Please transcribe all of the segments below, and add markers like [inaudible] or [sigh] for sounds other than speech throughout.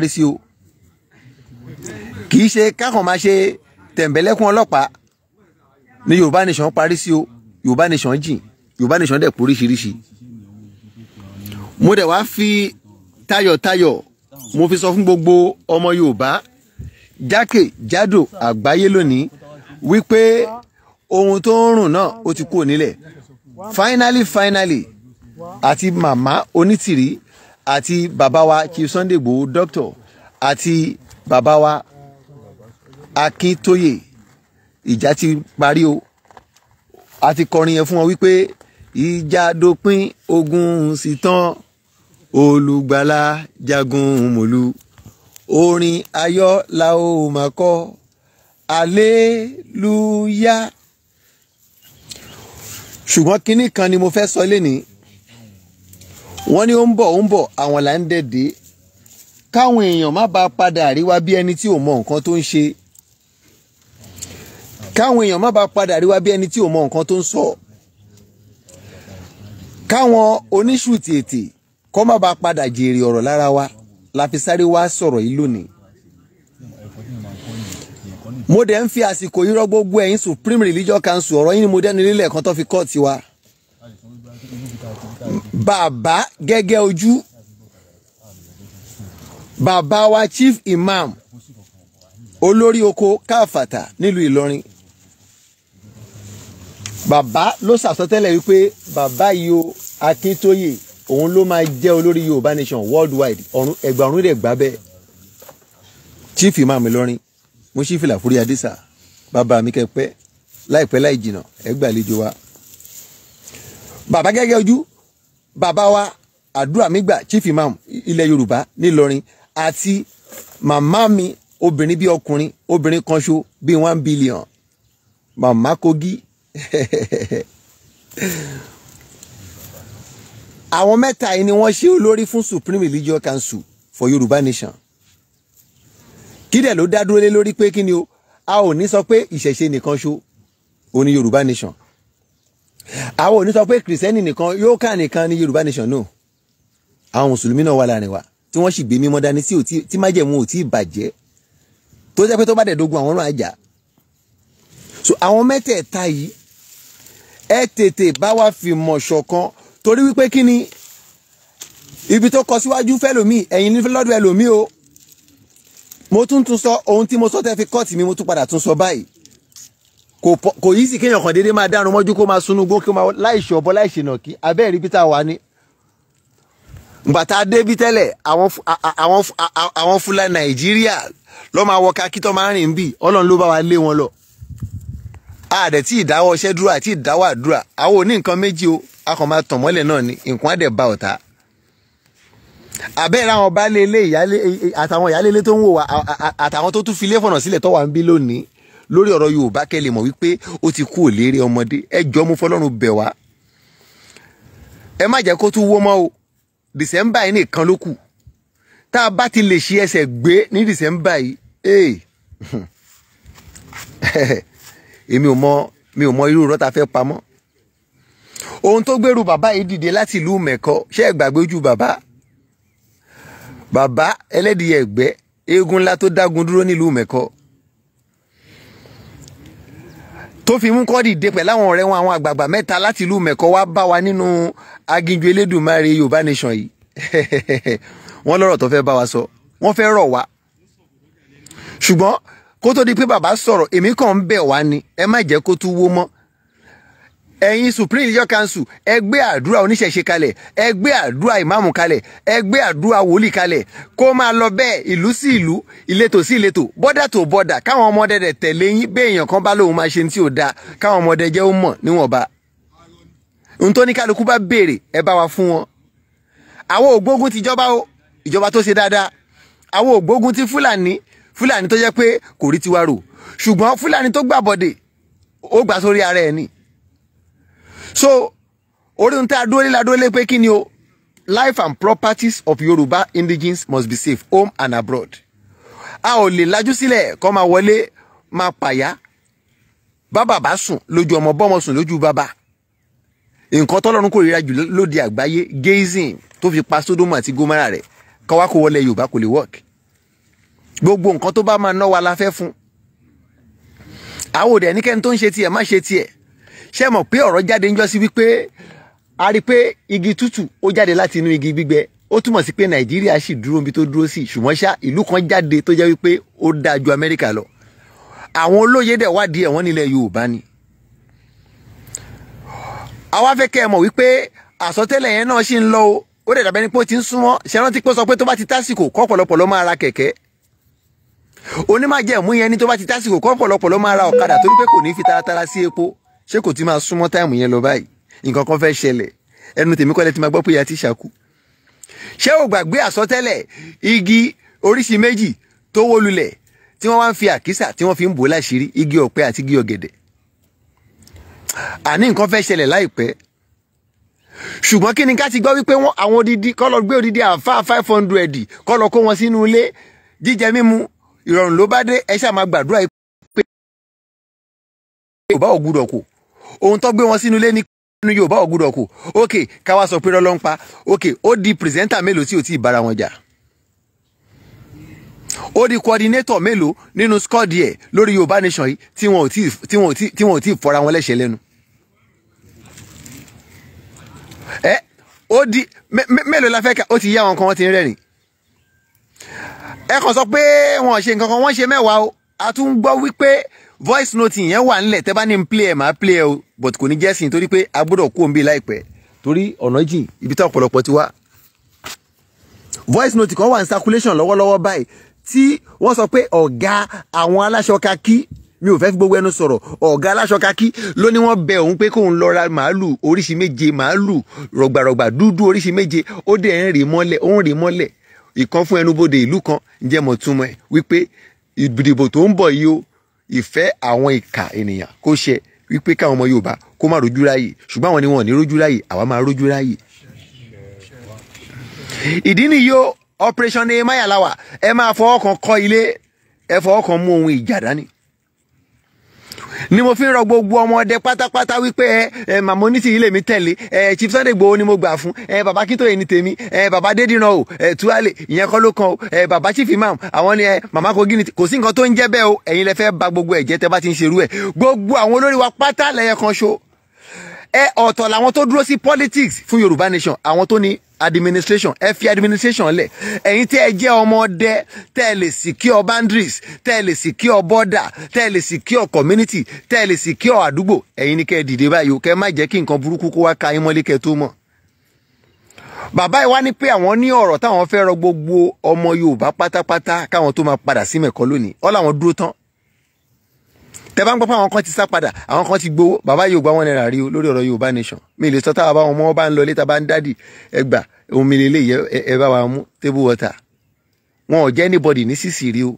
rí sí o kì í ṣe kákan máa ṣe tẹ̀m̀bẹ̀lẹ́kún ọlọ́pàá ní Yorùbá nation parí sí o Yorùbá nation jìn Yorùbá nation dẹ̀ poríṣiríṣi mo dẹ̀ wá fi tayọ̀tayọ̀ mo fi sọ fún gbogbo ọmọ Yorùbá jákèjádò àgbáyé lónìí wípé ohun tó ń rùn náà ó ti kúrò nílẹ̀ finally finally àti màmá onítìrí àti bàbá wa chief Sunday Igboho doctor àti bàbá wa Akíntóyè ìjà ti parí o a ti kọrin yẹn fún wọn wípé ìjà dópin ogun sì tán olùgbàlà jagun mòlú orin ayọ̀ la ó máa kọ aleluya ṣùgbọ́n kinní kan ni mo fẹ́ sọ lẹ́nìí wọ́n ní ó ń bọ̀ ó ń bọ̀ àwọn là ń dẹ̀dẹ̀ káwọn èèyàn má bàa padà àríwá bí ẹni tí ò mọ nǹkan tó ń ṣe káwọn èèyàn má bàa padà àríwá bí ẹni tí ò mọ nǹkan tó ń sọ káwọn oníṣù tètè kọ́ má bàa padà jèrè ọ̀rọ̀ lára wa la fi sáré wá sọ̀rọ̀ yìí lónìí mo dẹ̀ ń fi àsìkò yìí rọ gbogbo ẹ̀yin Supreme Religious Council ọ̀rọ̀ yìí ni mo dẹ́nu ilé ẹ̀kan tó fi kọ́ tiwa bàbá gẹ́gẹ́ ojú bàbá wa chief imam olórí oko káfàtà nílùú Ìlọrin bàbá ló sàsọtẹ́lẹ̀ wípé bàbá yìí o Akíntóyè òun ló máa jẹ́ olórí Yorùbá nation worldwide ọ̀run ẹgbà ọ̀run rẹ̀ gbà bẹ́ẹ̀ chief imam Ìlọrin Mushifi Lafuri Adisa bàbá mi kẹpẹ́ láìpẹ́ láì jìnà ẹ gbàlejò wa bàbá gẹ́gẹ́ ojú bàbá wa àdúrà mi gbà chief imam ilẹ̀ yorùbá nílọrin àti màmá mi obìnrin bí ọkùnrin obìnrin kan ṣo bí one billion màmá kogi [laughs] àwọn mẹ́ta yìí ni wọ́n ṣe olórí fún supreme religious council for yorùbá nation kí dẹ̀ ló dá dúró lé lórí pé kí ni o a ò ní sọ pé ìṣẹ̀ṣe nìkan ṣo òní yorùbá nation àwọn òní sọ pé kìrìsẹ́nì nìkan yóò kà nìkan ní yorùbá nation náà àwọn mùsùlùmí náà wà láàrin wa tí wọ́n sì gbé mímọ́ dání tí májẹ̀mú ò tí ì bàjẹ́ tó jẹ́ pé tó bá dẹ̀ dogun àwọn náà àjà so àwọn mẹ́tẹ̀ẹ̀ta yìí ẹ tètè bá wa fi mọ̀ ṣọ̀kan torí wípé kí ni ibi tó kọ síwájú fẹ́lòmíì ẹ̀yin ní lọ́dọ̀ ẹlòmíì o mo tún tún sọ ohun tí mo sọ tẹ́ fi kọ́ọ̀tì mi mo tún padà tún sọ báyìí kò yí sí kéèyàn kan déédéé máa dánú mọ́jú kó máa sunú gbó kó máa láìṣe ọ̀bọ láìṣe nàkí abẹ́rẹ́ ibi tá a wà ní. bàtà débi tẹ́lẹ̀ àwọn Fúlàní Nàìjíríà lọ́ máa wọ kakí tó máa rìn bì ọlọ́run ló bá wa lé wọn lọ. a dẹ̀ tí ìdáwọ́ iṣẹ́ dúró àti ìdáwọ́ àdúrà àwọn òní nǹkan méjì o a kàn máa tàn mọ́lẹ̀ náà ni nǹkan á dẹ̀ ba ọ̀tá. àbẹ́rẹ́ àwọn baálé ilé àtàwọn ìyálé ilé tó ń wò wá àtàwọn tó tún fi ilé fọ̀nà sílẹ̀ tó wà ń bí lónìí lórí ọ̀rọ̀ Yorùbá kẹ́ lè mọ̀ wípé ó ti kú òlérí ọmọdé ẹ jọ mú fọlọ́run bẹ̀ wá ẹ má jẹ́ kó tún wó mọ́ o December yìí nìkan ló kù tá a bá ti lè ṣe ẹsẹ̀ gbé ní December yìí ee eh. [laughs] èmi ò mọ mi ò mọ irú irọ́ ta fẹ́ pamọ́ ohun tó gbèrú bàbá yìí dìde láti ìlú mẹ̀kọ ṣé ẹ gbàgbé ojú bàbá bàbá ẹlẹ́dìyẹ ẹ̀gbẹ́ eégún ńlá tó dágun dúró nílùú mẹ̀kọ tó fi mú kọ́ dìde pẹ̀lú àwọn ọ̀rẹ́ wọn àwọn àgbààgbà mẹ́ta láti ìlú mẹ́kọ wá bá wa nínú aginjù elédùnmáre yorùbá nation yìí [laughs] wọ́n lọ́rọ̀ tó fẹ́ bá wa sọ wọ́n fẹ́ rọ̀ wá ṣùgbọ́n kó tó di pé bàbá sọ̀rọ̀ èmi kàn ń bẹ̀ wá ni ẹ má jẹ́ kó tún wó mọ́ ẹ̀yin supreme religious council ẹ gbé àdúrà oníṣẹ̀ṣe kalẹ̀ ẹ gbé àdúrà ìmáàmù kalẹ̀ ẹ gbé àdúrà wòlíì kalẹ̀ kó máa lọ bẹ́ẹ̀ ìlú sí ìlú ìletò sí ìletò bọ́dà tó bọ́dà káwọn ọmọdé rẹ̀ tẹ̀lé yín bẹ́ẹ̀ èèyàn kan bá lóun máa ṣe tí ò dáa káwọn ọmọdé jẹ́ ó mọ̀ níwọ̀nba ohun tó ní kálukú bá béèrè ẹ bá wa fún wọn. àwọn ògbógun ti jọba o ìjọba tó ṣe dáadáa àwọn ògbógun ti fúlàní fúlàní tó jẹ́ pé kò rí tiwa ṣùgbọ́n fúlàní tó gbàbọ̀dè ó gbà sórí ara ẹ̀ ni so orí ohun tá a dúró pé kí ni o life and properties of Yoruba indigenes must be safe home and abroad a ò lè lajú sílẹ̀ kó máa wọlé máa pàyà bá bàbá sùn lójú ọmọ bọ́mọ sùn lójú bàbá nǹkan tọ́lọ́run kórìíra jù lóde àgbáyé gazing tó fi pa Sódómù àti Gómárà rẹ̀ káwá kó wọlé Yorùbá kò lè work gbogbo nǹkan tó bá máa ná wa la fẹ́ fún àwọn òde ẹnikẹ́ni tó ń ṣe tiẹ̀ má ṣe tiẹ̀ ṣé mọ̀ pé ọ̀rọ̀ jáde ńjọ́ sí wípé a rí pé igi tútù ó jáde láti inú igi gbígbẹ ó túmọ̀ sí pé nàìjíríà sì dúró níbi tó dúró sí ṣùgbọ́n ṣá ìlú kan jáde tó jẹ́ wípé ó dáa ju amẹ́ríkà lọ àwọn olóye dẹ̀ wádìí ẹ̀ wọ́n nílẹ̀ yorùbá ni. àwa fẹ́ kẹ́ ẹ mọ̀ wípé àsọtẹ́lẹ̀ yẹn náà ṣì ń lọ o ó dẹ̀ dàbẹ́ ni pé ó ti ń súnmọ́ ṣe rántí pé sọ pé tó bá ti tásìkò kọ́ pọ̀lọpọ̀ ló máa ra kẹ̀kẹ́ onímàjẹ̀mú yẹn ni tó bá ti tásìkò kọ́ pọ̀lọpọ̀ máa ra ọ̀kadà torí pé kò ní fi taratara sí epo ṣé kò ti máa súnmọ́ táìmù yẹn lọ báyìí nǹkan kan fẹ́ ṣẹlẹ̀ ẹnu tèmi kọ́lẹ̀ ti máa gbọ́ pé ìyá tíṣà kú. ṣé o gbàgbé àsọtẹ́lẹ̀ igi oríṣi méjì tó wó lulẹ̀ tí wọ́n wá ń fi àkísà tí wọ́n fi ń bò láṣìírí igi ọ̀pẹ àti igi ọ̀gẹ̀dẹ̀. àní nǹkan fẹ́ ṣẹlẹ̀ láìpẹ́ ṣùgbọ́n kí ni ká ti gbọ́ wípé àwọn odidi kọ́ lọ gbé odidi àfa five hundred kọ́ lọ kó wọn sínú ilé jíjẹ mímu ìrọ̀rùn ló bá dé ẹ ṣáà máa gbàdúrà yìí pé ò bá ògùdọ̀ kù ohun tó gbé wọn sínú ilé ní nínú Yorùbá ọ̀gùdọ̀ kù ok káwa sọ pé rọlọ́ ń pa ok ó di pìrìsẹ́ńtà mélòó tí ò tí ì bára wọn jà ó di coordinator mélòó nínú skọ́ọ̀dì ẹ̀ lórí Yorùbá nation yìí tí wọn ò tí ì fọra wọn lẹ́sẹ̀ lẹ́nu. ẹ ó di mélòó la fẹ́ ká ó ti yá wọn kan wọ́n ti ń rẹ́rìn. ẹ kàn sọ pé wọn ò ṣe nǹkan kan wọ́n ṣe mẹ́wàá o a tún gbọ́ wípé voice note yẹn wà nílẹ̀ tẹ́ bá ní n play ẹ̀ máa play ẹ̀ o but kò ní jẹ́ sí i torí pé a gbọ́dọ̀ kú òǹbí láìpẹ́ torí ọ̀nà jìn ibi tá ọ̀pọ̀lọpọ̀ ti wá voice note kan wà ní circulation lọ́wọ́lọ́wọ́ báyìí tí wọ́n sọ pé ọ̀gá àwọn aláṣọ kakí mi ò fẹ́ fi gbogbo ẹnu sọ̀rọ̀ ọ̀gá aláṣọ kakí ló ní wọ́n bẹ òun pé kóun lọ ra màálù oríṣi méje màálù rọ̀gbàrọ̀gbà dúdú oríṣi méje ó dẹ̀ ń rì mọ́lẹ̀ ó ń rì mọ́lẹ̀ ìkan fún ẹnubodè ìlú kan ǹjẹ́ mọ̀ túmọ̀ ẹ̀ wípé ìdìbò tó ń bọ̀ yìí o ìfẹ́ àwọn ìkà ènìyàn kó ṣe wípé káwọn ọmọ Yorùbá kó má rojú ráyè ṣùgbọ́n àwọn ni wọn ò ní rojú ráyè àwa máa rojú ráyè. ìdí nìyí o operation Nehemiah la wà ẹ máa fọwọ́ kan kọ́ ilé ẹ fọwọ́ kan mú ohun ìjà dání ni mo fi ń rọ gbogbo ọmọdé pátápátá wípé ẹ màmá Onítìrí lèmi tẹ̀lé ẹ Chief Sunday Igboho ni mo gbà fún ẹ bàbá Kíntóyè ni tèmi ẹ bàbá Dédìran o ẹ Túwálé ìyẹn kọ́ ló kan o ẹ bàbá Chief Imam àwọn ni ẹ màmá Kogi ni kò sí nǹkan tó ń jẹ́ bẹ́ẹ̀ o ẹ̀yin lẹ fẹ́ ba gbogbo ẹ̀jẹ̀ tẹ bá ti ń ṣerú ẹ̀ gbogbo àwọn olórí wa pátá lẹ́yẹ kan ṣo ẹ ọ̀tọ̀ làwọn tó dúró sí politics fún Yorùbá nation àwọn tó ní administration ẹ fi administration lẹ̀ ẹ̀yin tẹ́ ẹ jẹ́ ọmọdé tẹ́ ẹ lè secure boundaries tẹ́ ẹ lè secure border tẹ́ ẹ lè secure community tẹ́ ẹ lè secure àdúgbò ẹ̀yin ni kẹ́ ẹ dìde báyìí o kẹ́ ẹ má jẹ́ kí nǹkan burúkú kó wá ka yín mọ́lé kẹ́ ẹ tó mọ̀. bàbá ìwá ni pé àwọn ní ọ̀rọ̀ táwọn fẹ́ rọ gbogbo ọmọ Yorùbá pátápátá káwọn tó máa padà sí mẹ̀kọ́ lónìí ọ́ làwọn dúró tán tẹ bá ń gbọ́ pé àwọn kan ti sá padà àwọn kan ti gbowó bàbá yorùbá wọn náírà rí o lórí ọ̀rọ̀ yorùbá nation mi lè sọ tá a bá wọn mọ́ bá ń lọ létà bá ń dádì ẹgbà omi lélẹ̀ yẹ ẹ bá wa mú table water wọn ò jẹ́ anybody ní sísì rí o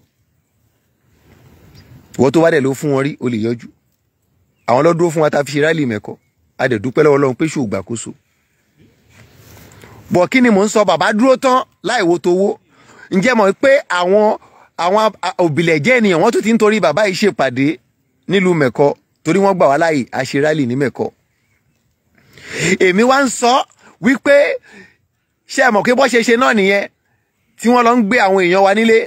wọ́n tó bá dẹ̀ ló fún wọn rí o lè yọjú àwọn lọ́ fún wa ta fi ṣe rálì mẹ́kọ́ a dẹ̀ dúpẹ́ lọ́wọ́ Ọlọ́run pé ṣùgbà kóso bọ̀ kí ni mò ń sọ bàbá dúró tán láì wo tó wó ǹjẹ́ mọ̀ pé àwọn àwọn òbílẹ̀jẹ́ ènìyàn wọ́n tún ti ń torí bàbá yìí ṣèpàdé nílùú mẹ̀kọ torí wọ́n gbà wá láàyè a ṣe rálì ní mẹ̀kọ èmi wá ń sọ wípé ṣé ẹ mọ̀ pé bó ṣe ṣe náà nìyẹn tí wọ́n lọ ń gbé àwọn èèyàn wa nílé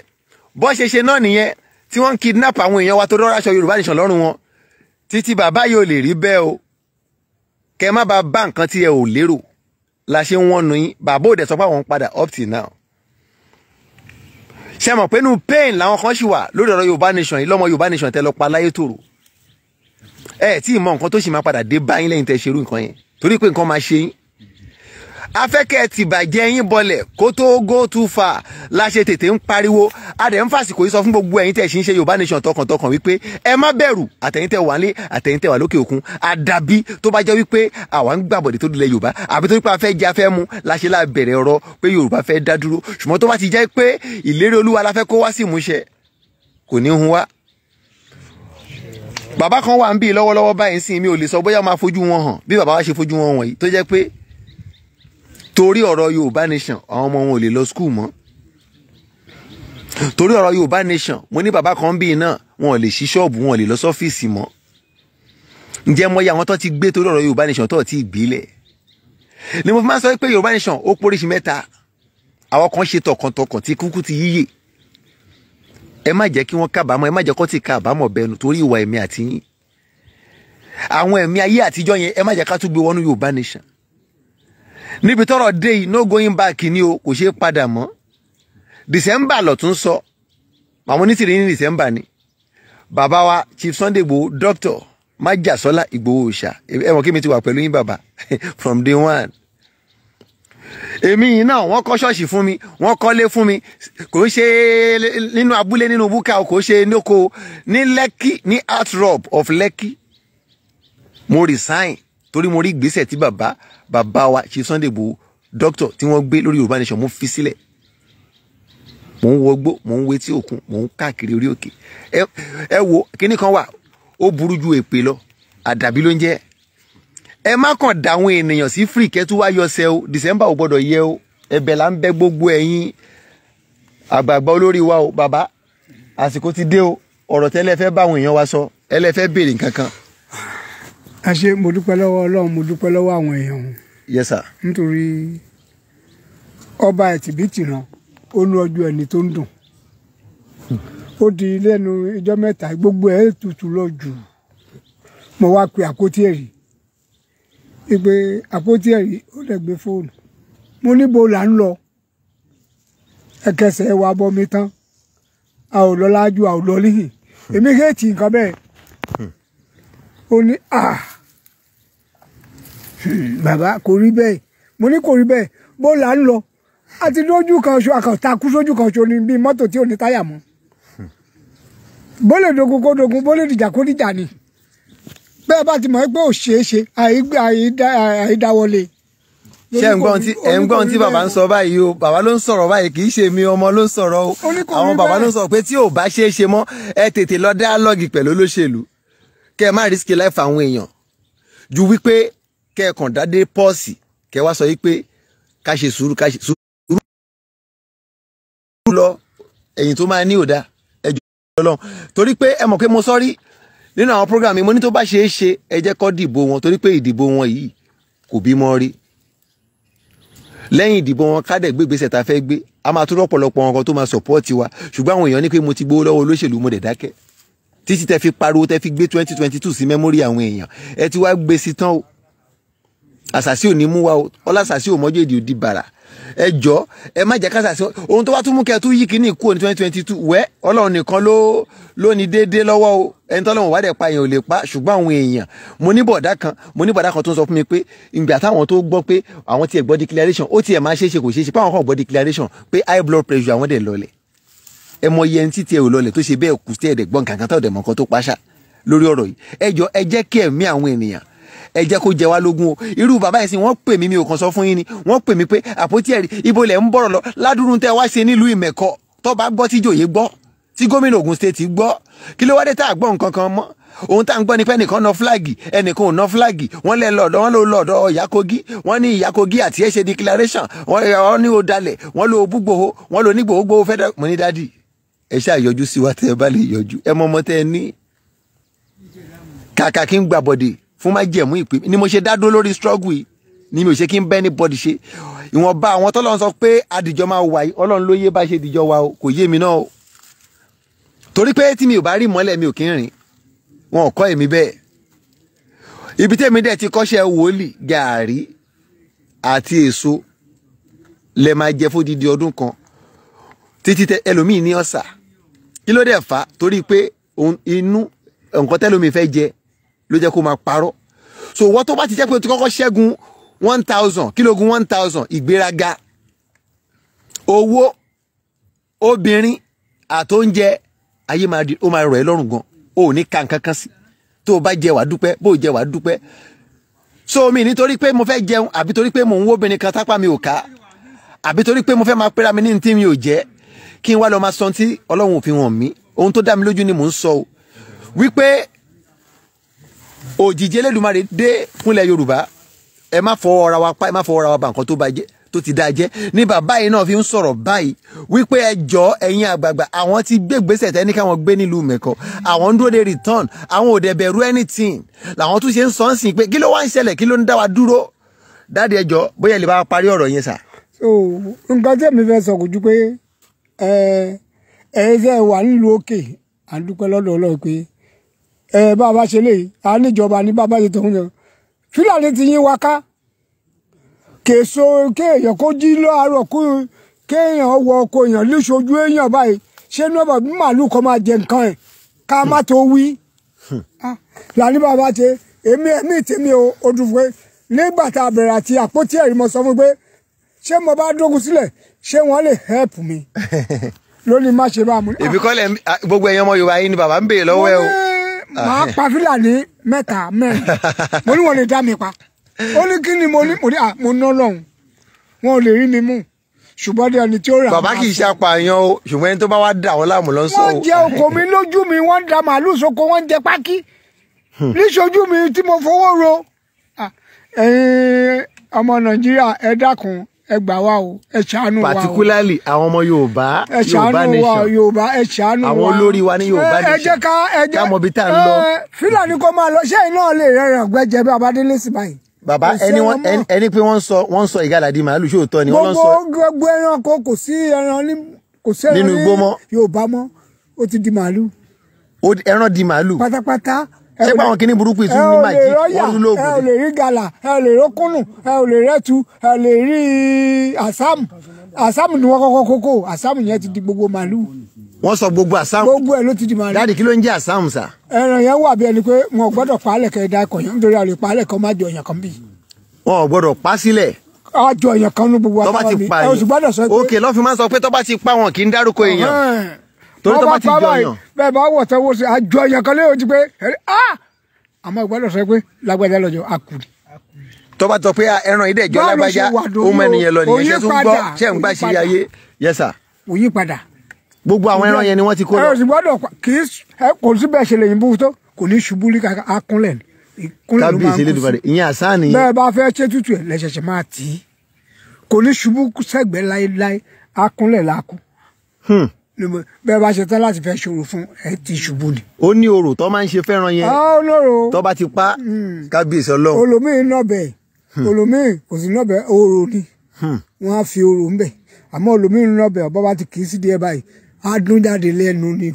bó ṣe ṣe náà nìyẹn tí wọ́n ń kidnap àwọn èèyàn wa torí ọ̀rọ̀ aṣọ Yorùbá nìṣàn lọ́rùn wọn títí bàbá yìí lè rí bẹ́ẹ̀ o kẹ má ba bá nǹkan tí ẹ ò lérò la ṣe ń wọ́n nu yín bàbá òde sọ pé àwọn ń padà up till now ṣe mọ̀ pé inú pain làwọn kan ṣì wà lórí ọ̀rọ̀ Yorùbá nation yìí lọ́mọ Yorùbá nation tẹ lọ pa láyé tòrò ẹ tí ì mọ nǹkan tó sì máa padà dé báyìí lẹ́yìn tẹ́ ṣerú nǹkan yẹn torí pé nǹkan máa ṣe yín afẹ́kẹ́ ti bàjẹ́ yín bọlẹ̀ kó tó go too far la ṣe tètè ń pariwo adẹ̀ ń fàsìkò yìí sọ fún gbogbo ẹ̀yin tẹ̀ ṣì ń ṣe Yorùbá nation tọkàntọkàn wípé ẹ má bẹ̀rù àtẹ̀yin tẹ̀ wà nílé àtẹ̀yin tẹ̀ wà lókè òkun àdàbí tó bá jẹ́ wípé àwa ń gbàbọ̀dé tó dilẹ̀ Yorùbá àbí tó nípa afẹ́ jẹ afẹ́ mu la ṣe la bẹ̀rẹ̀ ọ̀rọ̀ pé Yorùbá fẹ́ dá dúró ṣùgbọ́n tó bá ti jẹ́ pé ìlérí Olúwa la fẹ́ kó wá sí ìmúṣẹ kò ní hun wá bàbá kan wà ń bí lọ́wọ́lọ́wọ́ báyìí sí mi ò lè sọ bóyá máa fojú wọn hàn bí bàbá wa ṣe fojú wọn wọ̀nyí tó jẹ́ pé torí ọ̀rọ̀ Yorùbá nation àwọn ọmọ wọn ò lè lọ skul mọ́ torí ọ̀rọ̀ Yorùbá nation mo ní bàbá kan bíi náà wọn ò lè ṣí ṣọ́ọ̀bù wọn ò lè lọ sọ́fíìsì mọ́ ǹjẹ́ mọ́yá àwọn tó ti gbé torí ọ̀rọ̀ Yorùbá nation tó ti gbélẹ̀ ni mo fi máa ń sọ pé Yorùbá nation ó póríṣi mẹ́ta àwọn kan ṣe tọkàntọkàn tí kúkú ti yíyè ẹ má jẹ́ kí wọ́n kábàámọ̀ ẹ má jẹ́ kó ti kábàámọ̀ bẹnu torí ìwà ẹ̀mí àti yín àwọn ẹ̀mí ayé àtijọ́ yẹn ẹ má jẹ́ ká tún gbé wọnú Yorùbá nation níbi tọ́rọ̀ dé yìí no going back ni o kò ṣeé padà mọ́ December lọ́tún sọ àwọn onítìrí ní December ni bàbá wa Chief Sunday Igboho doctor májàsọ́lá Igboho òòṣà ẹ̀wọ̀n kí mi ti wà pẹ̀lú yín bàbá [laughs] from day one èmi yìí náà wọ́n kọ́ ṣọ́ọ̀ṣì fún mi wọ́n kọ́lé fún mi kò ń ṣe nínú abúlé nínú búkà kò ń ṣe níko ní Lekki ní outrob of Lekki mo resign torí mo rí ìgbésẹ̀ tí bàbá bàbá wa ṣe Sunday Igboho doctor tí wọ́n gbé lórí Yorùbá Nation mo fi sílẹ̀ mò ń wọgbó mò ń wetí òkun mò ń káàkiri orí òkè ẹ wo kíní kan wà ó burú ju èpè lọ àdàbí ló ń jẹ́ ẹ má kàn dá àwọn ènìyàn sí free kẹ́tù wá yọsẹ̀ o December ò gbọ́dọ̀ yẹ o ẹ̀bẹ̀ là ń bẹ gbogbo ẹ̀yin àgbààgbà olórí wa o bàbá àsìkò ti dé o ọ̀rọ̀ tẹ́lẹ̀ fẹ́ bá àwọn èèyàn wa sọ ẹlẹ́ fẹ́ béèrè nǹkan kan. a ṣe mo dúpẹ́ lọ́wọ́ Ọlọ́run mo dúpẹ́ lọ́wọ́ àwọn èèyàn. yes sir. nítorí ọba ẹ̀tìbìtìràn ó nu ọjọ́ ẹni tó ń dùn ó di lẹ́nu ijọ́ mẹ́ta gbogbo ẹ̀ tutù lọ jù mo wá pe àkótí ẹ̀rí ìpè àpótí ẹ̀rí ó lè gbé fóònù mo níbo là ń lọ ẹ̀kẹsẹ̀ wa bọmi tán a ò lọ lájú a ò lọ níhìn èmi kéètì nǹkan bẹ́ẹ̀ ó ní à bàbá kò rí bẹ́ẹ̀ mo ní kò rí bẹ́ẹ̀ bó là ń lọ a ti lójú kan ṣo àkàntà kú sójú kan ṣo ni bíi mọ́tò tí ò ní táyà mọ́ bó dogun kó dogun bó dìjà kó dìjà ni bẹ́ẹ̀ bá ti mọ̀ pé ò ṣeé ṣe àìdáwọlé. ṣé ẹ̀ ń gbọ́n tí ẹ̀ ń gbọ́n tí bàbá ń sọ báyìí o bàbá ló ń sọ̀rọ̀ báyìí kì í ṣe mi ọmọ ló ń sọ̀rọ̀ o àwọn bàbá ló ń sọ̀rọ̀ pé tí ò bá ṣeé ṣe mọ́ ẹ tètè lọ dáálọ́gì pẹ̀lú olóṣèlú kẹ́ ẹ má rísíkì láì fa àwọn èèyàn ju wípé kẹ́ ẹ kàn dádé pọ́ọ̀sì kẹ́ wá sọ wípé ká ṣe sùúrù ká ṣe sùúrù lọ ẹ̀yìn tó máa ní òdà nínú àwọn program mo ní tó bá ṣeé ṣe ẹ jẹ́ kó dìbò wọn torí pé ìdìbò wọn yìí kò bímọ rí lẹ́yìn ìdìbò wọn kádẹ̀ gbé gbèsè tá a fẹ́ gbé a máa tún rọ́pọ̀lọpọ̀ wọn kan tó máa sọ̀pọ́ọ̀tì wa ṣùgbọ́n àwọn èèyàn ní pé mo ti gbowó lọ́wọ́ olóṣèlú mo dẹ̀ dákẹ́ títí tẹ fi pariwo tẹ fi gbé twenty twenty two sí mẹ́mórì àwọn èèyàn ẹ ti wá gbé sí tán o àṣàṣì ò ní mú o ọlá àṣàṣì ò mọ́jọ́ èdè òdì bàrà ẹ jọ ẹ má jẹ́ kásá sí ohun tó wá tún mú kẹ́ ẹ tún yí kíní kúrò ní twenty twenty two wẹ́ ọlọ́run nìkan ló ló ní déédéé lọ́wọ́ o ẹni tọ́lọ́run wá dẹ̀ pa èèyàn ò lè pa ṣùgbọ́n àwọn èèyàn mo ní bọ̀dá kan mo ní bọ̀dá kan tó ń sọ fún mi pé ìgbà táwọn tó gbọ́ pé àwọn tiẹ̀ gbọ́ declaration ó tiẹ̀ máa ṣeéṣe kò ṣeéṣe pé àwọn kan gbọ́ declaration pé high blood pressure àwọn dẹ̀ lọlẹ̀ ẹ mọ iye ẹni tí tiẹ̀ ò lọlẹ̀ tó ṣe bẹ́ẹ̀ kù tí ẹ̀ dẹ̀ gbọ́n kankan tá ò dẹ̀ mọ̀ nǹkan tó pàṣà lórí ọ̀rọ̀ yìí ẹ jọ ẹ jẹ́ kí ẹ̀mí àwọn ènìyàn ẹ jẹ́ kó jẹ wá lógún o irú bàbá yẹn sì wọ́n pè mí mi ò kàn sọ fún yín ni wọ́n pè mí pé àpótí ẹ̀rí ibo lẹ̀ ń bọ̀rọ̀ lọ ládùrún tẹ́ wá ṣe nílùú ìmẹ̀kọ tó bá gbọ́ tíjòyè gbọ́ tí gómìnà Ògùn state gbọ́ kí ló wá dé tá a gbọ́ nǹkan kan mọ́ ohun tá à ń gbọ́ ni pé ẹnìkan ná fúláàgì ẹnìkan ò ná fúláàgì wọ́n lẹ́ lọ́dọ̀ wọ́n ló lọ́dọ̀ ìyákogi wọ́n ní ìyákogi àti ẹ̀ ṣe declaration wọ́n ní o dalẹ̀ wọ́n lo búgbòho wọ́n lo nígbòho gbòho fẹ́ mọ́ ní dádì ẹ ṣáà yọjú sí wa tẹ́ ẹ bá lè yọjú ẹ mọ ọmọ tẹ́ ẹ ní kàkà kí n gbà fún májẹ̀mú ìpè ni mo ṣe dá dúró lórí struggle yìí ni mi ò ṣe kí n bẹ́ anybody ṣe ìwọ̀nba àwọn tọ́lọ́run sọ pé àdìjọ máa wà yìí ọlọ́run ló yé bá ṣe dìjọ wa o kò yé mi náà o torí pé tí mi ò bá rí mọ́lẹ̀ mi ò kí ń rìn wọn ò kọ́ èmi bẹ́ẹ̀ ibi tẹ́mi dẹ̀ ti kọ́ṣẹ́ wòlíì gàárì àti èso lẹ máa jẹ fódìdí ọdún kan títí tẹ ẹlòmíì ní ọ̀sà kí ló dẹ̀ fà torí pé inú nǹkan tẹ́lòmíì fẹ́ jẹ ló jẹ́ kó máa parọ́ so wọ́n tó bá ti jẹ́ pé o ti kọ́kọ́ ṣẹ́gun one thousand kílógún one thousand ìgbéraga owó obìnrin àtóúnjẹ ayé ó máa rọ̀ ẹ́ lọ́rùn gan o ò ní ka nǹkan kan sí tó o bá jẹ wàá dúpẹ́ bó o jẹ wàá dúpẹ́ so mi nítorí pé mo fẹ́ jẹun àbí torí pé mò ń wóbìnrin kan tápá mi ò ká àbí torí pé mo fẹ́ máa pera mi ní tí mi ò jẹ́ kí n wá lọ máa sọ tí ọlọ́run ò fi hàn mí ohun tó dá mi lójú ni mò ń sọ o wípé òjìji Elédùmarè dé fúnlẹ̀ Yorùbá ẹ má fọwọ́ ra wa pa ẹ má fọwọ́ ra wa ba nǹkan tó bá jẹ́ tó ti dáa jẹ́ ní bàbá yìí náà fi ń sọ̀rọ̀ báyìí wípé ẹ jọ ẹ̀yin àgbààgbà àwọn ti gbé gbèsè tẹ́ni káwọn gbé nílùú mẹ́kọ àwọn ń dúró de return àwọn ò dẹ̀ bẹ̀rù anything làwọn tún ṣe ń sọ ń sìn pé kí ló wá ń ṣẹlẹ̀ kí ló ń dá wa dúró dáàdi ẹ jọ bóyá lè bá parí ọ̀rọ̀ yẹn sà. so nǹkan tí èmi fẹ́ sọ kò ju pé ẹ ẹ ṣe wà nílùú òkè à lọ́dọ̀ Ọlọ́run pé ẹ bá a bá ṣe léyìí a níjọba ní bá a bá ṣe tòun yẹn fúlàní ti yín wa ká kèso kéèyàn kó jí láàárọ̀ kó kéèyàn wọ ọkọ èèyàn lóṣoojú èèyàn báyìí ṣé ní ọba màálù kan máa jẹ nǹkan ẹ ká má tó wí làní bàbá ṣe èmi èmi tèmi o odùfẹ́ nígbà tá a bẹ̀rẹ̀ àti àpótí ẹ̀rí mo sọ fún pé ṣé mo bá dógun sílẹ̀ ṣé wọ́n lè help mi [laughs] lónìí má ṣe bá a mú. èmi gbogbo ẹ̀yàn ọmọ Yorùbá yín ni bàbá ń béèrè lọ́wọ́ ẹ o màá pa fúlàní mẹ́ta mẹ́rin [laughs] mo ní wọn lè dá mi pa ó ní kí ni mo ní mo ní à mo ná lọ́hùn wọn ò lè rí mi mú ṣùgbọ́n dé ẹni tí ó rà. bàbá kì í ṣe o ṣùgbọ́n ẹni tó bá wá dà wọ́n láàmú lọ sọ. wọ́n jẹ oko mi lójú mi wọ́n da màálù sóko wọ́n jẹ pákí hmm. níṣojú mi tí mo fowó ro ọmọ nàìjíríà ẹ dákun ẹ gbà wá o ẹ ṣàánú wa o particularly àwọn ọmọ yorùbá yorùbá nation yorùbá ẹ ṣàánú wa àwọn olórí wa ní yorùbá nation ẹ jẹ́ ká ẹ jẹ́ ká mọ̀ bí tá a ń lọ. fúlàní kò máa lọ sẹ́yìn náà lè rẹ̀rẹ̀ gbẹ́jẹ bí abadélé sì báyìí. bàbá ẹni ẹni pé wọ́n sọ wọ́n sọ ìgalà di màálù ṣé òótọ́ ni wọ́n sọ. gbogbo ẹranko kò sí ẹran ní kò sí ẹran ní yorùbá mọ́ ó ti di màálù. ẹran di màálù. pátápátá ṣé pé àwọn kinní burúkú ìtú ní màjí wọ́n tún lóògùn. ẹ ò lè rí gàlà ẹ ò lè rókùnù ẹ ò lè rẹ́tu ẹ ò lè rí àsámù àsámù ni wọ́n kọ́kọ́ kókó àsámù yẹn ti di gbogbo màlúù. wọ́n sọ gbogbo àsámù. gbogbo ẹ̀ ló ti di màlúù. dáàdì kí ló ń jẹ́ àsámù sà. ẹran yẹn wà bí ẹni pé wọn ò gbọ́dọ̀ pa alẹ̀ kẹ́ ẹ dákọ̀ yẹn nítorí àlè pa alẹ̀ má jọ ọ̀yàn kan bì. wọn ò pa sílẹ̀ àjọ èèyàn kan ní sọ pé. ok ti pa wọn kì í dárúkọ èèyàn torí tó bá ti jọ yàn. bẹ́ẹ̀ bá wọ̀ tẹ́wọ́ sí àjọ yàn kan léyìn ojú pé ah! àmọ́ ìgbọ́dọ̀ sọ pé lágbàdá lọ́jọ́ àkùrì. tó bá sọ pé ẹran ilé ìjọ lágbàjá ó mẹ́ni yẹn lọ nìyẹn ṣé tún gbọ́ ṣé ń gbà sí ayé yẹ́sà. òyípadà. gbogbo àwọn ẹran yẹn ni wọ́n ti kó lọ. ẹ̀rọ sì gbọ́dọ̀ kì í kò sí bẹ́ẹ̀ ṣe lè yín bú tó kò ní ṣubú líka akúnlẹ̀ ni ìkúnlẹ̀ ló máa ń kú bẹ́ẹ̀ bá ṣe tán láti fẹ́ ṣòro fún ẹ ti ṣubú ni. ó ní orò tó máa ń ṣe fẹ́ràn yẹn. ó ní orò. tó bá ti pa hmm. kábíyèsí ọlọ́run. olómìn nọ̀bẹ̀ hmm. olómìn kò sí nọ̀bẹ̀ orò ni hmm. wọ́n á fi orò ń bẹ̀ àmọ́ olómìn nọ̀bẹ̀ ọ̀bọ̀ bá ti kì í sí díẹ̀ báyìí á dún jáde lẹ́nu ni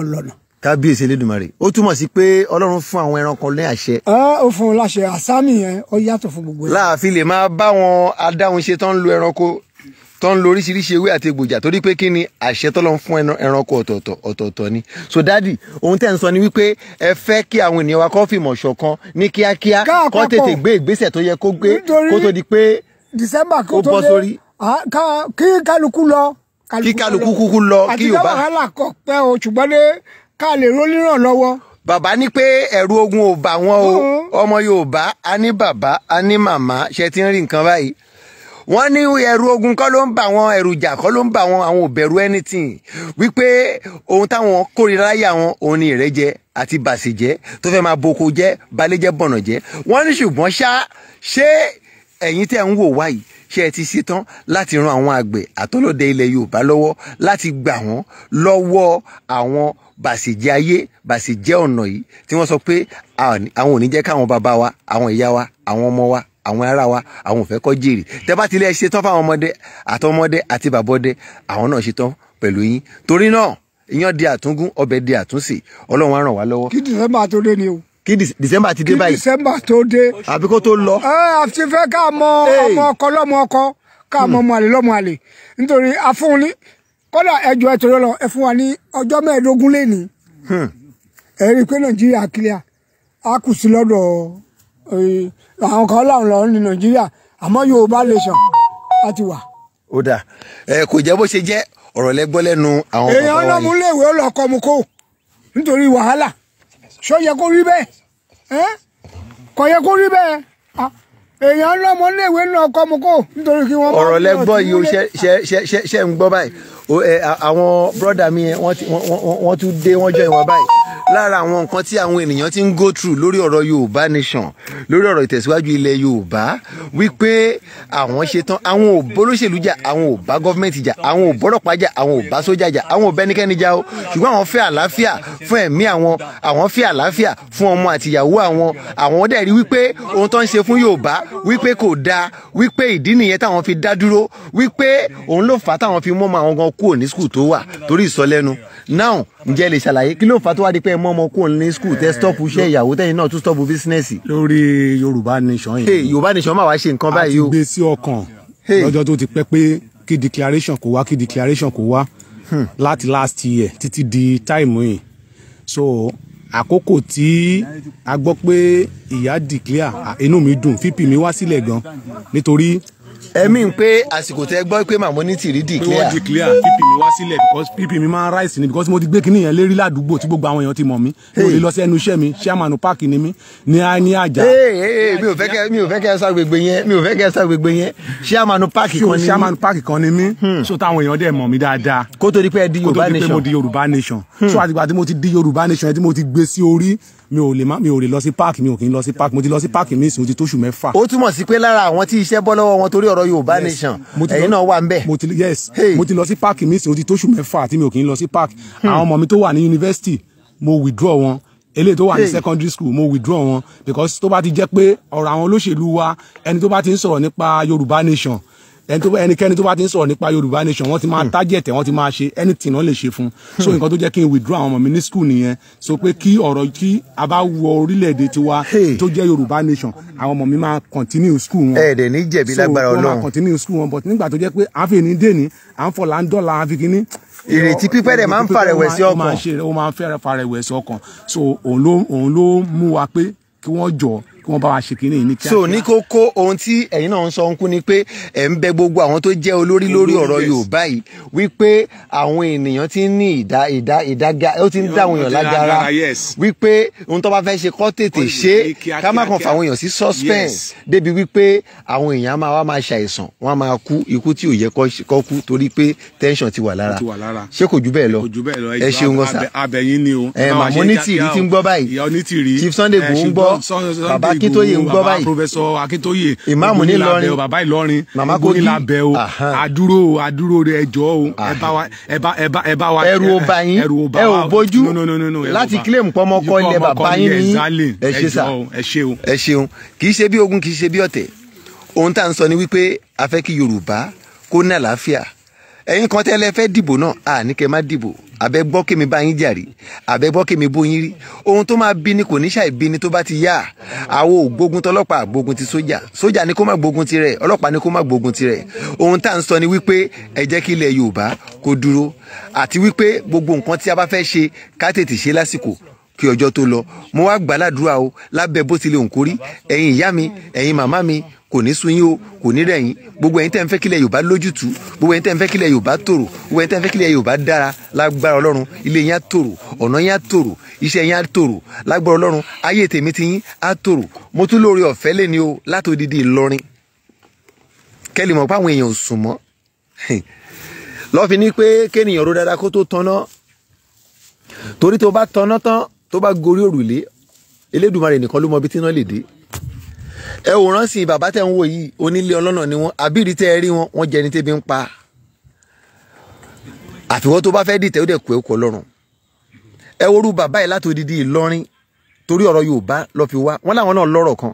ọlọ́nà. kábíyèsí elédùnmarè ó túmọ̀ sí pé ọlọ́run fún àwọn ẹranko ní àṣẹ. ẹ ó fún un láṣẹ àsámì yẹn ó yàtọ̀ fún gbogbo. láàfin tó ń lo oríṣiríṣi ewé àti egbòjà torí pé kí ni àṣẹ tó lọ ń fún ẹranko ọ̀tọ̀ọ̀tọ̀ ọ̀tọ̀ọ̀tọ̀ ni so dádì ohun tẹ́ ń sọ ni wípé ẹ fẹ́ kí àwọn ènìyàn wa kọ́ fìmọ̀ ṣọ̀kan ní kíákíá kó tètè gbé ìgbésẹ̀ tó yẹ kó gbé kó tó di pé ó bọ́ sórí. kí kálukú lọ. kí kálukú kúkú lọ kí yorùbá. àti ká wàhálà kọ pẹ́ o ṣùgbọ́n ká lè rólí ràn lọ́wọ́ bàbá ní pé ẹ̀rù ogun ò bà wọ́n o ọmọ yorùbá a ní bàbá a ní màmá ṣe ti ń rí nǹkan báyìí wọ́n ní ẹ̀rù ogun kọ́ ló ń bà wọ́n ẹ̀rù kọ́ ló ń bà wọ́n àwọn ò anything wípé ohun táwọn kórìíra láyà wọn òun ni ìrẹ́jẹ àti bàṣẹ̀jẹ́ tó fẹ́ máa boko jẹ́ balẹ̀jẹ́ bọ̀nà jẹ́ wọ́n ní ṣùgbọ́n ṣá ṣé ẹ̀yin tẹ́ ń wò wáyìí ṣé ẹ ti ṣetán láti ran àwọn àgbẹ̀ àtọlọ́dẹ ilẹ̀ Yorùbá lọ́wọ́ láti gbà wọ́n lọ́wọ́ àwọn bàṣẹ̀jẹ́ ayé bàṣẹ̀jẹ́ ọ̀nà yìí tí wọ́n sọ pé àwọn ò ní jẹ́ káwọn bàbá wa àwọn ìyá wa àwọn ọmọ wa àwọn ará wa àwọn ò fẹ́ kó jèrè tẹ́ bá tilẹ̀ ṣe tán fáwọn ọmọdé àtọmọdé àti bàbọdé àwọn náà ṣe tán pẹ̀lú yín torí náà iyán di àtúngún ọbẹ̀ di àtúnṣe ọlọ́run á ràn wá lọ́wọ́. kí December tó dé ni o. kí December ti dé báyìí. kí December tó dé. àbí kó tó lọ. ẹ àti fẹ́ ká mọ ọmọ ọkọ lọ́mọ ọkọ ká mọ hmm. ọmọ àlè lọ́mọ àlè nítorí afúnni kódà ẹjọ́ ẹ̀tọ́ yọlọ ẹ fún wa ní ọjọ́ mẹ́ẹ̀ẹ́dógún lẹ́ni. Hmm. ẹ rí i pé Nàìjíríà clear a kù sí lọ́dọ̀ eh, àwọn kan làwọn lọ ní nàìjíríà àmọ yorùbá nation a ti wà. ó dà ẹ kò bó ṣe jẹ́ ọ̀rọ̀ lẹ́nu àwọn yìí. èèyàn ọlọ́mú léèwé ó mu kó nítorí wàhálà ṣó yẹ kó rí kò èèyàn léèwé náà mu kó nítorí kí wọ́n. àwọn brọ́dà mi wọ́n tún dé wọ́n jọ ìwọ̀n báyìí lára àwọn nǹkan tí àwọn ènìyàn ti ń go through lórí ọ̀rọ̀ Yorùbá nation lórí ọ̀rọ̀ ìtẹ̀síwájú ilẹ̀ Yorùbá wípé àwọn ṣe tán àwọn ò bólóṣèlú jà àwọn ò bá gọ́fíńmẹ̀ntì jà àwọn ò bọ́rọ̀pá jà àwọn ò bá sójà jà àwọn ò bẹ́nikẹ́ni jà o ṣùgbọ́n àwọn fẹ́ àlàáfíà fún ẹ̀mí àwọn àwọn fẹ́ àlàáfíà fún ọmọ àtìyàwó àwọn àwọn dẹ̀ rí wípé ohun tó ń ṣe fún Yorùbá wípé kò dáa wípé ìdí nìyẹn táwọn fi dá dúró wípé òun ló fà á táwọn fi mọ́ mọ́ àwọn kúrò ní skul tó wà torí ìsọlẹ́nu now ǹjẹ́ lè ṣàlàyé kí ló fà tó wá di pé ẹ mọ́ ọmọ kúrò ní skul tẹ́ stop iṣẹ́ ìyàwó tẹ́yìn náà tún stop bísínẹ́sì. lórí yorùbá nation yìí. yorùbá nation máa wá ṣe nǹkan báyìí o. a ti gbé sí ọkàn lọ́jọ́ tó ti pẹ́ pé kí declaration kò wá kí declaration kò wá hmm. láti last year títí di time yìí so àkókò tí a gbọ́ pé ìyá declare inú mi dùn fífi mi wá sílẹ̀ gan nítorí ẹ̀mí ń pé àsìkò tẹ́ gbọ́ pé màmú ní tìrí declare. pé wọ́n clear? pp mi wá sílẹ̀ because pp mi máa ń ráìsì ni because mo ti gbé kinní yẹn lérí ládùúgbò tí gbogbo àwọn èèyàn ti mọ̀ mí mo lè lọ sí ẹnu iṣẹ́ mi chairman park ni mí ní ní àjà. mi ò fẹ́ kẹ́ mi ò fẹ́ kẹ́ sá gbègbè yẹn mi ò fẹ́ kẹ́ sá gbègbè yẹn chairman park kan ni mí. chairman park kan ni mí hmm. so táwọn èèyàn dẹ̀ mọ̀ mí dáadáa. kó tó di pé ẹ di Yorùbá nation. kó tó di pé mo di Yorùbá nation. Hmm. so àtìgbà tí mo ti di Yorùbá nation mi ò lè má mi ò lè lọ sí páàkì mi ò kì í lọ sí páàkì mo ti lọ sí páàkì mi ìsìn ó ti tóṣù mẹ́fà. ó túmọ̀ sí pé lára àwọn tí iṣẹ́ bọ́ lọ́wọ́ wọn torí ọ̀rọ̀ Yorùbá nation ẹ̀yin náà wà ń bẹ̀. mo ti yes mo ti lọ sí páàkì mi ìsìn ó ti tóṣù mẹ́fà àti mi ò kì í lọ sí páàkì hmm. àwọn ọmọ mi tó wà ní yunifásitì mo withdraw wọn eléyìí tó wà ní secondary school mo withdraw wọn because tó bá ti jẹ́ pé ọ̀rọ̀ àwọn olóṣèlú wa ẹni tó bá ti ń sọ̀rọ̀ nípa Yorùbá nation ẹni tó ẹnikẹ́ni tó bá ti ń sọ̀rọ̀ nípa Yorùbá nation wọ́n ti máa hmm. tájẹ̀tẹ̀ wọ́n ti máa ṣe anything wọ́n lè ṣe fún so nǹkan tó jẹ́ kí n withdraw àwọn ọmọ mi ní school nìyẹn so pé kí ọ̀rọ̀ kí a bá wọ orílẹ̀-èdè tiwa tó jẹ́ Yorùbá nation àwọn ọmọ mi máa continue school wọn. ẹ̀ẹ́dẹ̀ ní jẹ̀bi lágbára Ọlọ́run so wọ́n máa continue school wọn but nígbà tó jẹ́ pé à ń fi ní dèní à ń fọ̀là ń dọ́là à ń fi kíní. ìrètí pípẹ́ dẹ̀ máa ń farẹ̀wẹ̀sì ọkàn. ó máa ń farẹ̀wẹ̀sì ọkàn so òun ló mú wa pé kí wọ́n jọ kí wọ́n bá wa ṣe kínní ní kíákíá. so ní kókó ohun tí ẹ̀yin náà ń sọ ń kú ni pé ẹ̀ ń bẹ gbogbo àwọn tó jẹ́ olórí lórí ọ̀rọ̀ Yorùbá yìí wípé àwọn ènìyàn ti ń ní ìdá ìdá ìdága ó ti ń dá àwọn èèyàn lágara wípé ohun tó bá fẹ́ ṣe kó tètè ṣe ká má kàn fà àwọn èèyàn sí suspense débi wípé àwọn èèyàn máa wá máa ṣàìsàn wọ́n á máa kú ikú tí ò yẹ kó kú torí pé tension ti wà lára ṣé kò jù bẹ́ẹ̀ lọ ẹ ṣeun gan sa ẹ màmú ní tìrí ti ń gbọ́ báyìí Chief Sunday Igboho ń gbọ́ bàbá akíntóye ń gbọ́ báyìí pọfẹsọ akíntóye ìmáàmù ní Ìlọrin bàbá Ìlọrin màmá kogi ìlàbẹ o àdúró rẹ ẹjọ o ẹ bá wa ẹrù ó bá yín ẹ ò bójú láti claim pọmọkọ ilẹ̀ bàbá yín ní ẹ ṣeun kì í ṣe bí ogun kì í ṣe bí ọ̀tẹ̀ ohun tá à ń sọ ni wípé a fẹ́ kí Yorùbá kó ní àlàáfíà ẹ̀yin kan tẹ́lẹ̀ fẹ́ dìbò náà à má dìbò àbẹ gbọ́ kí mi bá yín jàrí àbẹ gbọ́ kí mi bó yín rí ohun tó máa bí ni kò ní ṣàì bí ni tó bá ti yá àwọn ògbógun tọlọ́pàá gbógun ti sójà sójà ni kó má gbógun tirẹ̀ ọlọ́pàá ni kó má gbógun tirẹ̀ ohun tá à ń sọ ni wípé ẹ jẹ́ kí ilẹ̀ Yorùbá kó dúró àti wípé gbogbo nǹkan tí a bá fẹ́ ṣe ká tètè ṣe lásìkò kí ọjọ́ tó lọ mo wá gbàládùúrà o lábẹ́ bó tilẹ̀ òǹkó rí ẹ̀yin ìyá mi ẹ̀yin màmá mi kò ní sun yín o kò ní rẹ̀ yín gbogbo ẹ̀yin tẹ́ ń fẹ́ kílẹ̀ Yorùbá lójútùú gbogbo ẹ̀yin tẹ́ ń fẹ́ kílẹ̀ Yorùbá tòrò gbogbo ẹ̀yin tẹ́ ń fẹ́ kílẹ̀ Yorùbá dára lágbára Ọlọ́run ilé yín á tòrò ọ̀nà yín á tòrò iṣẹ́ yín á tòrò lágbára Ọlọ́run ayé tèmi ti yín á tòrò mo tún lóore ọ̀fẹ́ lé ní o látòdìdí Ìlọrin kẹ́lì mọ̀ páwọn èèyàn ò [laughs] tó bá gorí òrùlé elédùnmarè nìkan ló mọ ibi tí iná lè dé ẹ wò ránṣì bàbá tẹ ń wò yìí onílé ọlọ́nà ni wọ́n àbírí tẹ́ ẹ rí wọn wọ́n jẹni tẹ́bi ń pa àfiwọ́ tó bá fẹ́ dìtẹ̀ ó dẹ̀ kú ẹ kú ọlọ́run ẹ worú bàbá yìí láti odidi Ìlọrin torí ọ̀rọ̀ Yorùbá lọ fi wá wọn láwọn náà lọ́rọ̀ kan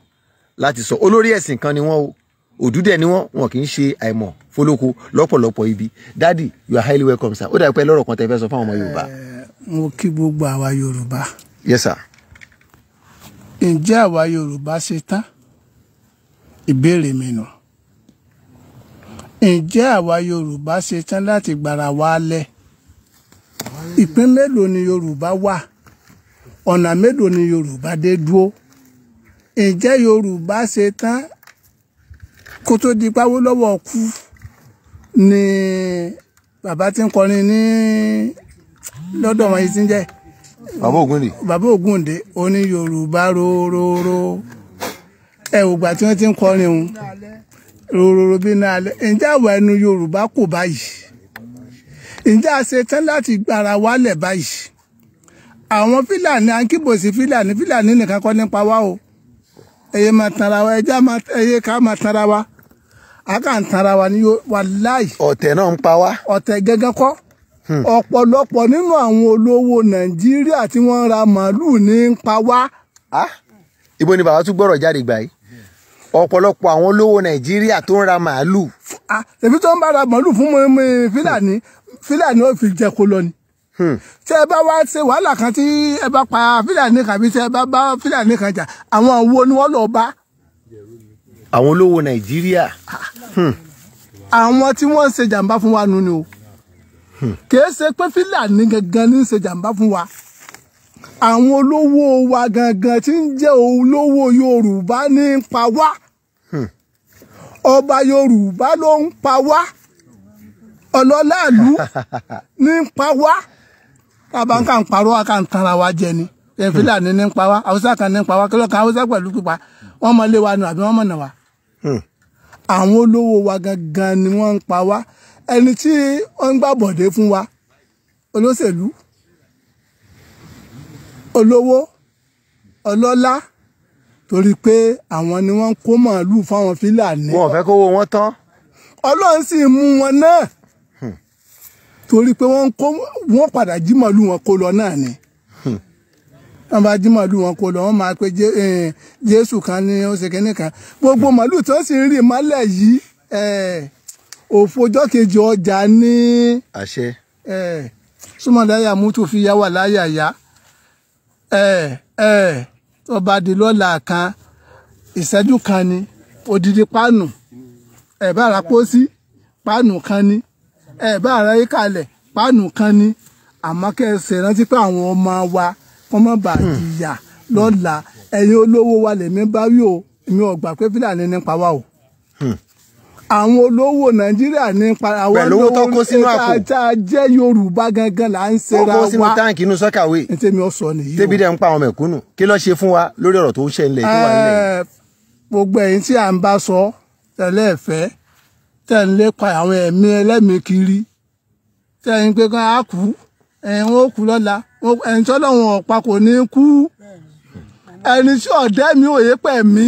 láti sọ olórí ẹ̀sìn kan ni wọ́n o òdúdẹ ni wọn wọn kì í ṣe àìmọ̀ fólóko lọ́pọ̀lọpọ̀ ibi dádì you are highly welcome sir ó dàbí pé lọ́rọ̀ kan tẹ́ fẹ́ sọ fáwọn ọmọ yorùbá. Eh, mo kí gbogbo àwa yorùbá. yes sir. ǹjẹ́ àwa yorùbá ṣe tán ìbéèrè mi nù ǹjẹ́ àwa yorùbá ṣe tán láti gbàrà wa lẹ̀ ìpín mélòó ni yorùbá wà ọ̀nà mélòó ni yorùbá dé dúró ǹjẹ́ yorùbá ṣe tán kó tó di pawó lọ́wọ́ kú ni bàbá tí ń kọrin ní lọ́dọ̀ wọn yìí ti ń jẹ́. bàbá Ògúndé. bàbá Ògúndé oní Yorùbá rororo ẹ ògbà tí wọ́n ti ń kọrin òun rororo bí náà alẹ́ ǹjẹ́ àwa ẹnu Yorùbá kò báyìí ǹjẹ́ a ṣe tán láti gbára wálẹ̀ báyìí àwọn Fúlàní ankíbòsí Fúlàní Fúlàní nìkan kọ́ nípa wa o ẹ̀yẹ ká máa tanra wa a kàn tanra wa ní wàláì. ọ̀tẹ̀ náà ń pa wá. ọ̀tẹ̀ gẹ́gẹ́ kọ́ hmm. ọ̀pọ̀lọpọ̀ nínú àwọn olówó nàìjíríà tí wọ́n ra màálùú ní ń pa wá. Ah, ibo ni bàbá tún gbọ́rọ̀ jáde gbà yìí ọ̀pọ̀lọpọ̀ àwọn olówó nàìjíríà tó ń ra màálùú. Ah, èmi tó ń bá ra màálùú fún mi fílàní fílàní ó fi jẹ kó lọ ni. Hmm. tẹ ẹ bá wá ṣe wàhálà kan tí ẹ bá pa fílàní kan bí tẹ ẹ bá bá fílàní kan jà àwọn wo ni wọ́n lọ bá àwọn olówó nàìjíríà. Hmm. àwọn tí wọ́n ń ṣe jàǹbá fún wa nù ni o hmm. kìí ṣe pé fílàní gangan ní ṣe jàǹbá fún wa àwọn olówó wa gangan tí ń jẹ́ olówó yorùbá ní ń pa wá hmm. ọba yorùbá ló ń pa wá ọlọ́láàlú [laughs] ní ń pa wá tábà ń kà ń parọ́ wa kà ń tanra wa jẹ ni fílàní ní ń pa wá haúsá kan ní ń pa wá kí kan haúsá pẹ̀lú pípa wọ́n mọ lé wa nù àbí wọ́n mọ̀ nà wá. Hmm. àwọn olówó wa gangan ni wọ́n ń pa wá ẹni tí wọ́n ń gbàbọ̀dé fún wa olóṣèlú olówó ọlọ́lá torí pé àwọn ni wọ́n ń kó màálù fáwọn fílàní. wọn ò fẹ́ kówó wọn tán. ọlọ́run sì mú wọn náà hmm. torí pé wọ́n padà jí màálù wọn kó lọ náà ni wọn bá jí màálù wọn kó lọ wọn máa pe eh, jésù kan ní oṣù kínní kan gbogbo màálù tó sì ń rì mọ́lẹ̀ yìí eh, òfojọ́ kejì ọjà ní. àṣẹ. Eh, súnmọ́láyà mútu fi yá wà láyà yá tó bá di lọ́la kan ìṣẹ́jú kan ni odidi páànù ẹ̀ bá ra pósí páànù kan ni ẹ̀ bá ra yíkalẹ̀ kan ni àmọ́ kẹ́ ẹ pé àwọn ọmọ wa wọ́n mọ̀ bá jìyà lọ́la ẹ̀yin olówó wa lèmi bá wí o èmi ò gbà pé fúlàní nípa wa o hmm. àwọn olówó nàìjíríà nípa àwọn olówó ìtajà jẹ́ yorùbá gangan là ń ṣera wa. ó kó sínú táǹkì inú sọ́kàwé tèmi ó sọ nìyí o tèmi dẹ̀ ń pa àwọn mẹ̀kúnnù kí ló ṣe fún wa lórí ọ̀rọ̀ tó ń ṣẹlẹ̀ tó wà nílẹ̀. Eh, gbogbo ẹ̀yin tí à ń bá sọ tẹ̀lé ẹ̀fẹ́ tẹ̀ ń lépa àwọn ẹ̀mí ẹlẹ́mìí kiri tẹ̀ ń pé kán á kú wọn ò kú lọ́la ẹni tí ọlọ́run ọ̀pá kò ní kú ẹni tí ọ̀dẹ́ mi ò yé pẹ̀ mí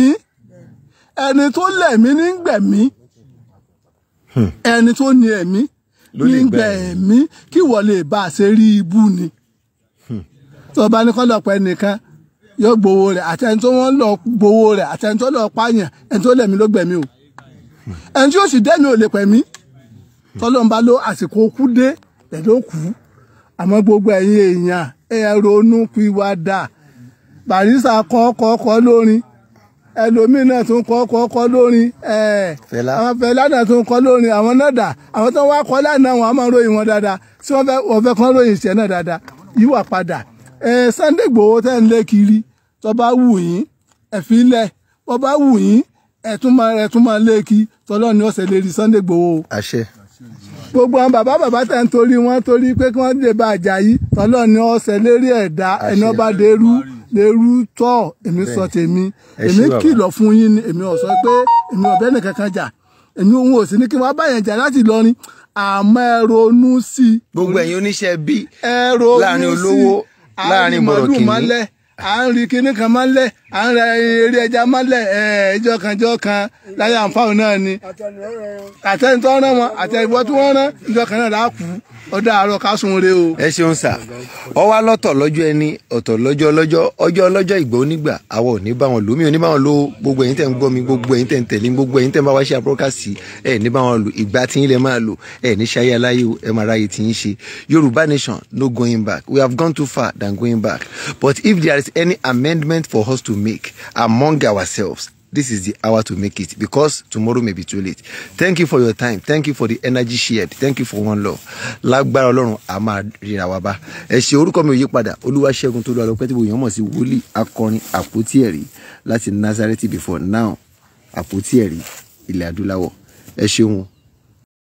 ẹni tó lẹ̀ mí ní gbẹ̀mí hmm. ẹni tó ní ẹ̀mí ní gbẹ̀mí kí wọ́n lè bá a ṣe rí ibú ni hmm. tó bá ní kọ́ lọ́pọ̀ ẹnìkan yóò gbowó rẹ̀ àti ẹni tó wọ́n lọ gbowó rẹ̀ àti ẹni tó lọ pààyàn ẹni tó lẹ̀ mí ló gbẹ̀mí o hmm. ẹni tí ó sì dẹ́mi ò lè pẹ̀mí tọ́lọ́mbá ló àsìkò kú dé ẹ̀ ló kú àmọ́ gbogbo ẹ̀yin èèyàn ẹ ronú pìwàdà Barrister kọ́kọ́kọ́ lórin ẹlòmíín náà tún kọ́kọ́kọ́ lórin àwọn Fẹlá náà tún kọ́ lórin àwọn náà dà àwọn tó ń wá kọ́ lánàá wọn a máa ròyìn wọn dáadáa tí wọ́n fẹ́ wọ́n fẹ́ kọ́ ròyìn ìṣẹ́ náà dáadáa yíwà padà Sunday Igboho tẹ́ ń lé kiri tó bá wù yín ẹ̀fín lẹ̀ bó bá wù yín ẹ̀tún máa ẹ̀tún máa lé kí tọ́lọ́ni ọ̀sẹ̀ lè rí Sunday Igboho. àṣẹ gbogbo àwọn bàbá bàbá tẹ̀ ń torí wọn torí pé kí wọ́n lè bá Àjàyí tọ́lọ́ ni ọ̀sẹ̀ lérí ẹ̀dá ẹ̀nà bá dérú lérú tọ̀ èmi sọ tèmi èmi kìlọ̀ fún yín ni èmi ò sọ pé èmi ọ̀bẹ nìkan kan jà èmi òun ò sì ní kí wọ́n bá yẹn jà láti Ìlọrin àmọ́ ẹ ronú sí i. gbogbo ẹ̀yin oníṣẹ́ bí láàrin olówó láàrin bọ̀rọ̀kìnní à ń rí kinní kan máa ń lẹ̀ à ń ra eré ẹja mọ́lẹ̀ ẹjọ́ kan jọ́ kan láyé àǹfààní náà ni àtẹni tó rán wọn àtẹnibọ́ tí wọ́n rán ìjọ kan náà rà kú ọdọ àárọ̀ ká sun re o. ẹ ṣeun sà ọ wá lọ́tọ̀ lọ́jọ́ ẹni ọ̀tọ̀ lọ́jọ́ lọ́jọ́ ọjọ́ lọ́jọ́ ìgbà onígbà àwọn ò ní bá wọn lò mí ò ní bá wọn lò gbogbo ẹ̀yin tẹ́ ń gbọ́ mi gbogbo ẹ̀yin tẹ́ ń tẹ̀lé mi gbogbo ẹ̀yin tẹ́ ń bá wá ṣe àpọ́kàsì ẹ̀ ní bá wọn lò ìgbà tí yín lẹ máa lò ẹ̀ ní ṣayé aláyé ẹ̀ máa ráyè tí yín ṣe Yorùbá nation no going back we have gone too far than going back but if there is any amendment for us to make among ourselves. This is the hour to make it because tomorrow may be too late. Thank you for your time. Thank you for the energy shared. Thank you for one love. Lágbára Ọlọ́run a máa ríra wa bá. Ẹ ṣé orúkọ mi ò yí padà. Olúwaṣẹ́gun tó lọ pẹ́ tí mo yàn mọ̀ sí wòlíì akọrin àpótí ẹ̀rí láti Nazareth before now àpótí ẹ̀rí ilẹ̀ adúláwọ̀. Ẹ ṣeun.